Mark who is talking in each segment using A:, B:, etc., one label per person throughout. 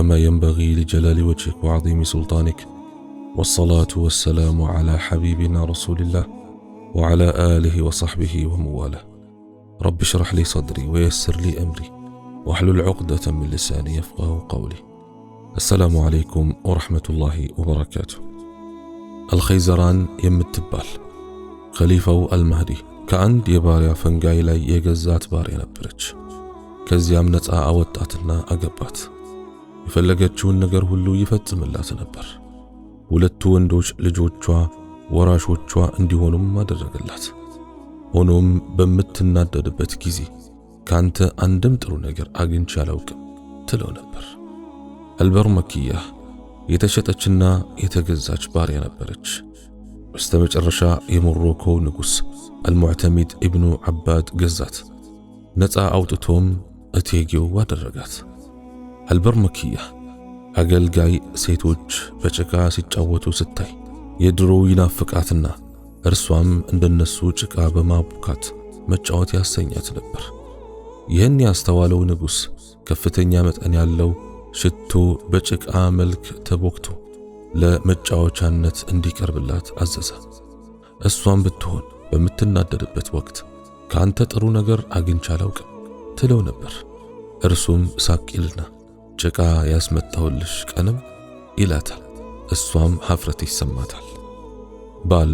A: كما ينبغي لجلال وجهك وعظيم سلطانك والصلاة والسلام على حبيبنا رسول الله وعلى آله وصحبه ومواله رب اشرح لي صدري ويسر لي أمري واحلل عقدة من لساني يفقه قولي السلام عليكم ورحمة الله وبركاته
B: الخيزران يم التبال خليفة المهدي كأن የባሪያ ፈንጋይ يقزات የገዛት ባሪያ كزيام ከዚያም أوتاتنا أقبات አገባት። የፈለገችውን ነገር ሁሉ ይፈጽምላት ነበር። ሁለቱ ወንዶች ልጆቿ ወራሾቿ እንዲሆኑም አደረገላት። ሆኖም በምትናደድበት ጊዜ ካንተ አንድም ጥሩ ነገር አግኝቼ አላውቅም ትለው ነበር። አልበር መኪያ የተሸጠችና የተገዛች ባሪያ ነበረች። በስተመጨረሻ የሞሮኮ ንጉሥ አልሙዕተሚድ ኢብኑ ዓባድ ገዛት፣ ነፃ አውጥቶም እቴጌው አደረጋት። አልበርመኪያ አገልጋይ ሴቶች በጭቃ ሲጫወቱ ስታይ የድሮ ይናፍቃትና እርሷም እንደነሱ ጭቃ በማቡካት መጫወት ያሰኛት ነበር። ይህን ያስተዋለው ንጉሥ ከፍተኛ መጠን ያለው ሽቶ በጭቃ መልክ ተቦክቶ ለመጫወቻነት እንዲቀርብላት አዘዘ። እሷም ብትሆን በምትናደድበት ወቅት ከአንተ ጥሩ ነገር አግኝቼ አላውቅም ትለው ነበር። እርሱም ሳቅ ይልና ጭቃ ዕቃ ያስመጣሁልሽ ቀንም ይላታል። እሷም ሐፍረት ይሰማታል። ባል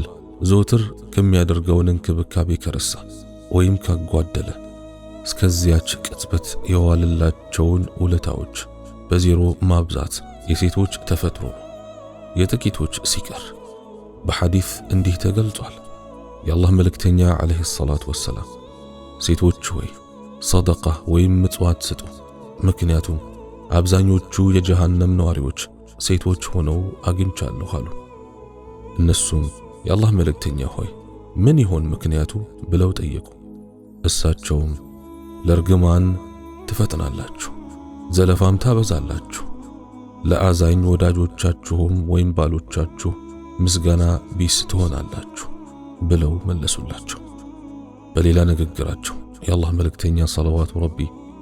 B: ዞትር ከሚያደርገውን እንክብካቤ ከረሳ ወይም ካጓደለ እስከዚያች ቅጽበት የዋልላቸውን ውለታዎች በዜሮ ማብዛት የሴቶች ተፈጥሮ ነው፣ የጥቂቶች ሲቀር በሐዲፍ እንዲህ ተገልጿል። የአላህ መልእክተኛ ዓለይሂ ሰላቱ ወሰላም ሴቶች ሆይ ሰደቃ ወይም ምጽዋት ስጡ፣ ምክንያቱም አብዛኞቹ የጀሃነም ነዋሪዎች ሴቶች ሆነው አግኝቻለሁ አሉ። እነሱም የአላህ መልእክተኛ ሆይ ምን ይሆን ምክንያቱ ብለው ጠየቁ። እሳቸውም ለርግማን ትፈጥናላችሁ፣ ዘለፋም ታበዛላችሁ፣ ለአዛኝ ወዳጆቻችሁም ወይም ባሎቻችሁ ምስጋና ቢስ ትሆናላችሁ ብለው መለሱላቸው። በሌላ ንግግራቸው የአላህ መልእክተኛ ሰለዋቱ ረቢ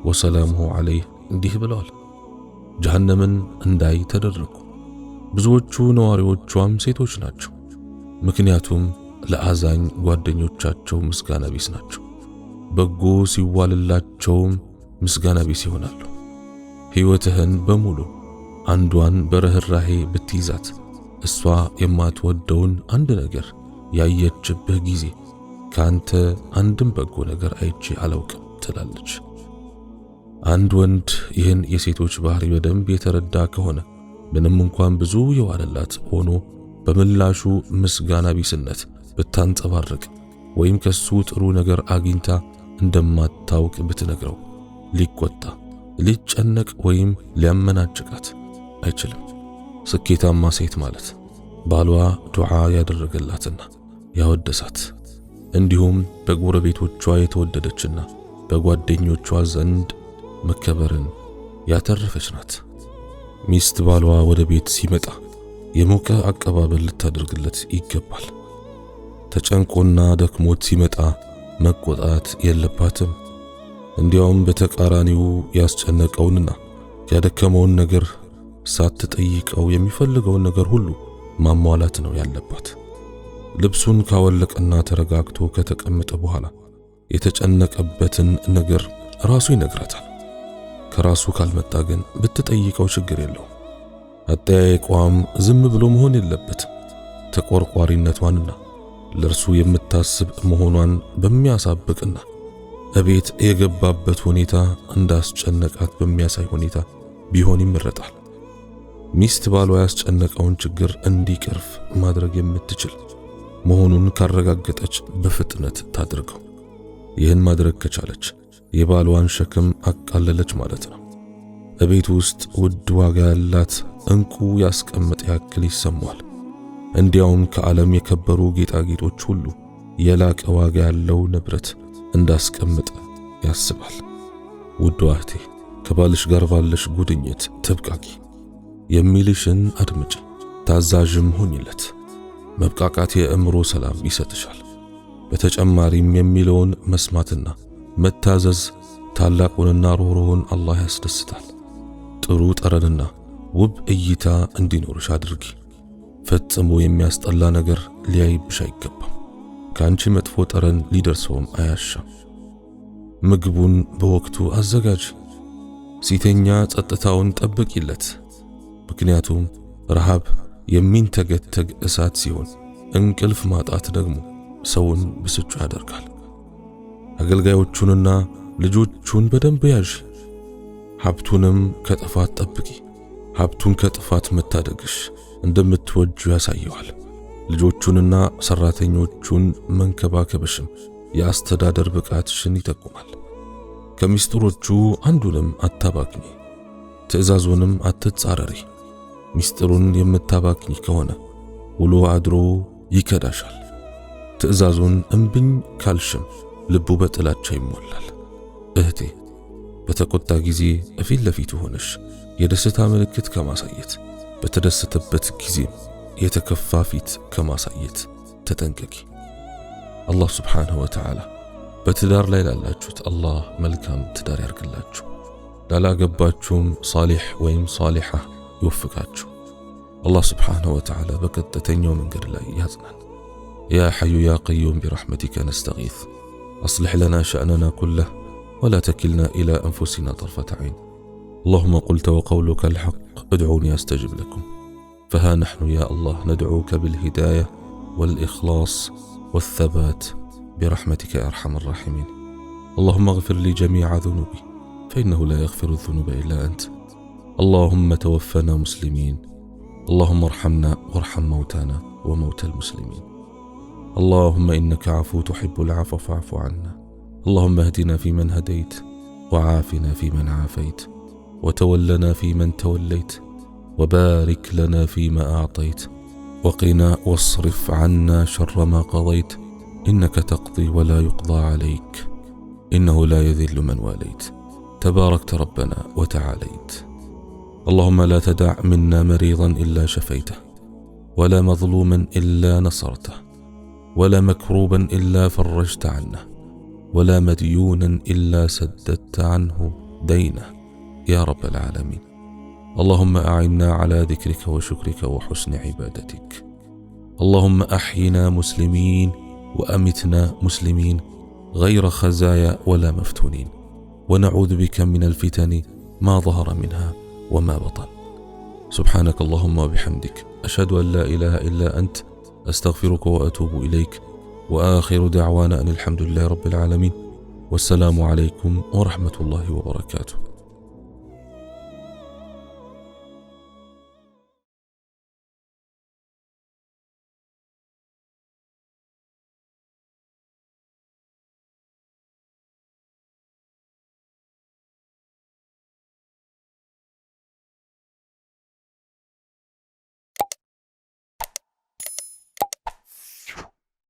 B: ወሰላሙሁ ዐለይህ እንዲህ ብለዋል ጀሃነምን እንዳይ ተደረጉ። ብዙዎቹ ነዋሪዎቿም ሴቶች ናቸው፣ ምክንያቱም ለአዛኝ ጓደኞቻቸው ምስጋና ቢስ ናቸው። በጎ ሲዋልላቸውም ምስጋና ቢስ ይሆናሉ። ሕይወትህን በሙሉ አንዷን በረህራሄ ብትይዛት እሷ የማትወደውን አንድ ነገር ያየችብህ ጊዜ ከአንተ አንድም በጎ ነገር አይቼ አላውቅም ትላለች። አንድ ወንድ ይህን የሴቶች ባህሪ በደንብ የተረዳ ከሆነ ምንም እንኳን ብዙ የዋለላት ሆኖ በምላሹ ምስጋና ቢስነት ብታንጸባርቅ ወይም ከሱ ጥሩ ነገር አግኝታ እንደማታውቅ ብትነግረው ሊቆጣ፣ ሊጨነቅ ወይም ሊያመናጭቃት አይችልም። ስኬታማ ሴት ማለት ባሏ ዱዓ ያደረገላትና ያወደሳት እንዲሁም በጎረቤቶቿ የተወደደችና በጓደኞቿ ዘንድ መከበርን ያተረፈች ናት። ሚስት ባሏ ወደ ቤት ሲመጣ የሞቀ አቀባበል ልታደርግለት ይገባል። ተጨንቆና ደክሞት ሲመጣ መቆጣት የለባትም። እንዲያውም በተቃራኒው ያስጨነቀውንና ያደከመውን ነገር ሳትጠይቀው የሚፈልገውን ነገር ሁሉ ማሟላት ነው ያለባት። ልብሱን ካወለቀና ተረጋግቶ ከተቀመጠ በኋላ የተጨነቀበትን ነገር ራሱ ይነግራታል። ከራሱ ካልመጣ ግን ብትጠይቀው ችግር የለው። አጠያየቋም ዝም ብሎ መሆን የለበት። ተቆርቋሪነቷንና ለእርሱ የምታስብ መሆኗን በሚያሳብቅና እቤት የገባበት ሁኔታ እንዳስጨነቃት በሚያሳይ ሁኔታ ቢሆን ይመረጣል። ሚስት ባሏ ያስጨነቀውን ችግር እንዲቀርፍ ማድረግ የምትችል መሆኑን ካረጋገጠች በፍጥነት ታድርገው። ይህን ማድረግ ከቻለች የባሏን ሸክም አቃለለች ማለት ነው። እቤት ውስጥ ውድ ዋጋ ያላት እንቁ ያስቀመጠ ያክል ይሰማዋል። እንዲያውም ከዓለም የከበሩ ጌጣጌጦች ሁሉ የላቀ ዋጋ ያለው ንብረት እንዳስቀምጠ ያስባል። ውድ እህቴ ከባልሽ ጋር ባለሽ ጉድኝት ትብቃቂ፣ የሚልሽን አድምጪ፣ ታዛዥም ሁኝለት። መብቃቃት የእምሮ ሰላም ይሰጥሻል። በተጨማሪም የሚለውን መስማትና መታዘዝ ታላቁንና ሩህሩህን አላህ ያስደስታል። ጥሩ ጠረንና ውብ እይታ እንዲኖርሽ አድርጊ። ፈጽሞ የሚያስጠላ ነገር ሊያይብሽ አይገባም። ከአንቺ መጥፎ ጠረን ሊደርሰውም አያሻም። ምግቡን በወቅቱ አዘጋጅ። ሲተኛ ጸጥታውን ጠብቂለት። ምክንያቱም ረሃብ የሚንተገተግ እሳት ሲሆን፣ እንቅልፍ ማጣት ደግሞ ሰውን ብስጩ ያደርጋል። አገልጋዮቹንና ልጆቹን በደንብ ያዥ፣ ሀብቱንም ከጥፋት ጠብቂ። ሀብቱን ከጥፋት መታደግሽ እንደምትወጁ ያሳየዋል። ልጆቹንና ሰራተኞቹን መንከባከብሽም የአስተዳደር ብቃትሽን ይጠቁማል። ከሚስጥሮቹ አንዱንም አታባክኝ፣ ትእዛዙንም አትጻረሪ። ሚስጥሩን የምታባክኝ ከሆነ ውሎ አድሮ ይከዳሻል። ትእዛዙን እምብኝ ካልሽም ልቡ በጥላቻ ይሞላል። እህቴ በተቆጣ ጊዜ እፊት ለፊቱ ሆነሽ የደስታ ምልክት ከማሳየት በተደሰተበት ጊዜም የተከፋ ፊት ከማሳየት ተጠንቀቂ።
C: አላህ ስብሓንሁ ወተዓላ በትዳር ላይ ላላችሁት አላህ መልካም ትዳር ያርግላችሁ፣ ላላገባችሁም ሳሌሕ ወይም ሳሌሓ ይወፍቃችሁ። አላህ ስብሓንሁ ወተዓላ በቀጥተኛው መንገድ ላይ ያጽናን። ያ ሐዩ ያ ቀዩም ቢረሕመቲከ ነስተቂዝ أصلح لنا شأننا كله ولا تكلنا إلى أنفسنا طرفة عين اللهم قلت وقولك الحق ادعوني أستجب لكم فها نحن يا الله ندعوك بالهداية والإخلاص والثبات برحمتك يا أرحم الراحمين اللهم اغفر لي جميع ذنوبي فإنه لا يغفر الذنوب إلا أنت اللهم توفنا مسلمين اللهم ارحمنا وارحم موتانا وموتى المسلمين اللهم إنك عفو تحب العفو فاعف عنا اللهم اهدنا فيمن هديت وعافنا فيمن عافيت وتولنا فيمن توليت وبارك لنا فيما أعطيت وقنا واصرف عنا شر ما قضيت إنك تقضي ولا يقضى عليك إنه لا يذل من واليت تباركت ربنا وتعاليت اللهم لا تدع منا مريضا إلا شفيته ولا مظلوما إلا نصرته ولا مكروبا الا فرجت عنه ولا مديونا الا سددت عنه دينه يا رب العالمين اللهم اعنا على ذكرك وشكرك وحسن عبادتك اللهم احينا مسلمين وامتنا مسلمين غير خزايا ولا مفتونين ونعوذ بك من الفتن ما ظهر منها وما بطن سبحانك اللهم وبحمدك اشهد ان لا اله الا انت أستغفرك وأتوب إليك وآخر دعوانا أن الحمد لله رب العالمين والسلام عليكم ورحمة الله وبركاته